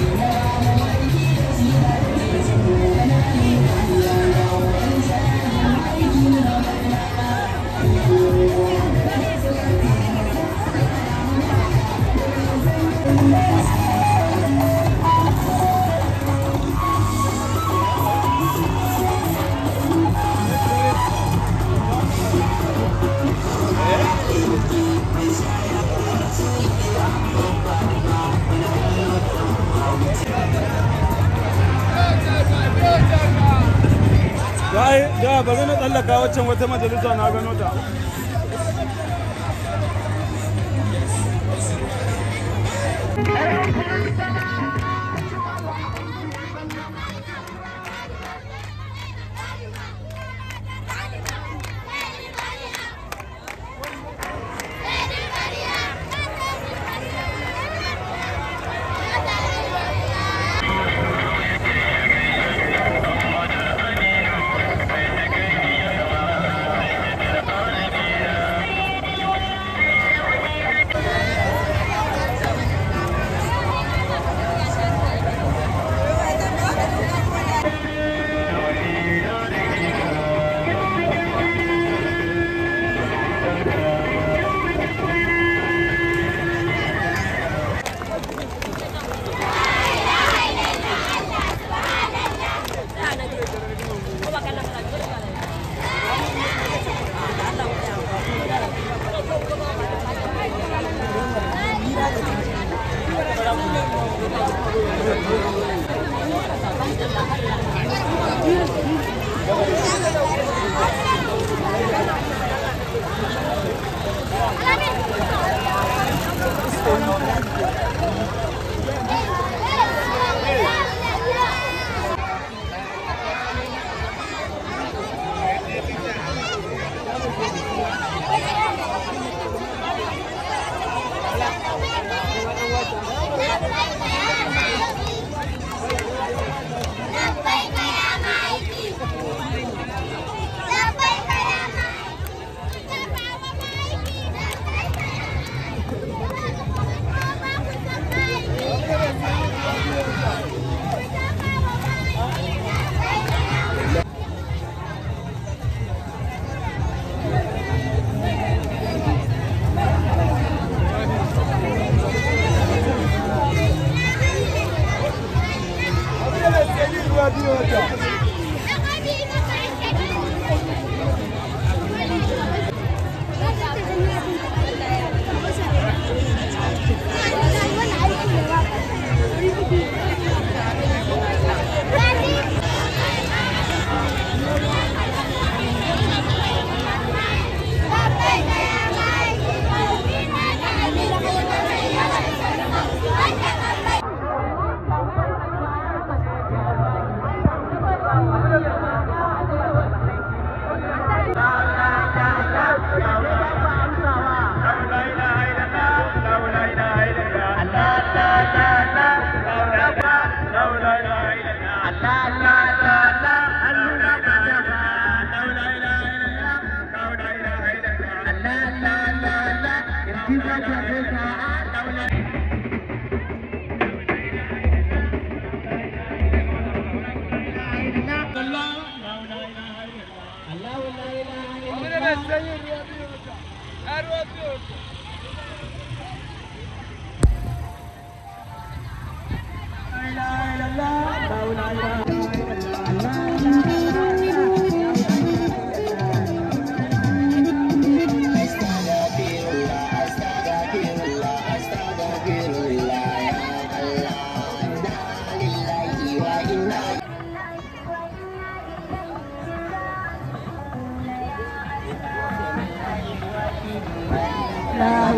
you. ai da bari na tsallaka waccan wata majalisa na gano ta Thank you. Her atıyor.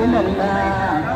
lần là